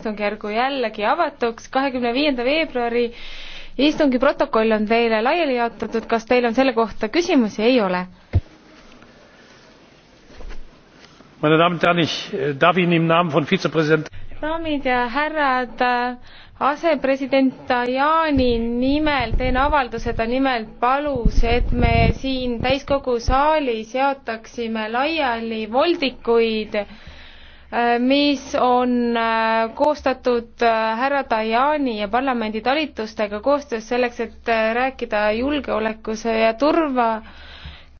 istungjärgu jällegi avatuks kahekümne viienda veebruari istungi protokoll on teile laiali jaotatud, kas teil on selle kohta küsimusi, ei ole? Äh, daamid ja härrad, asepresident Tajani nimel teen avalduse, ta nimelt palus, et me siin täiskogu saalis jaotaksime laiali voldikuid Äh, mis on äh, koostatud äh, härra Tajani ja parlamendi talitustega koostöös selleks, et rääkida julgeolekuse ja turva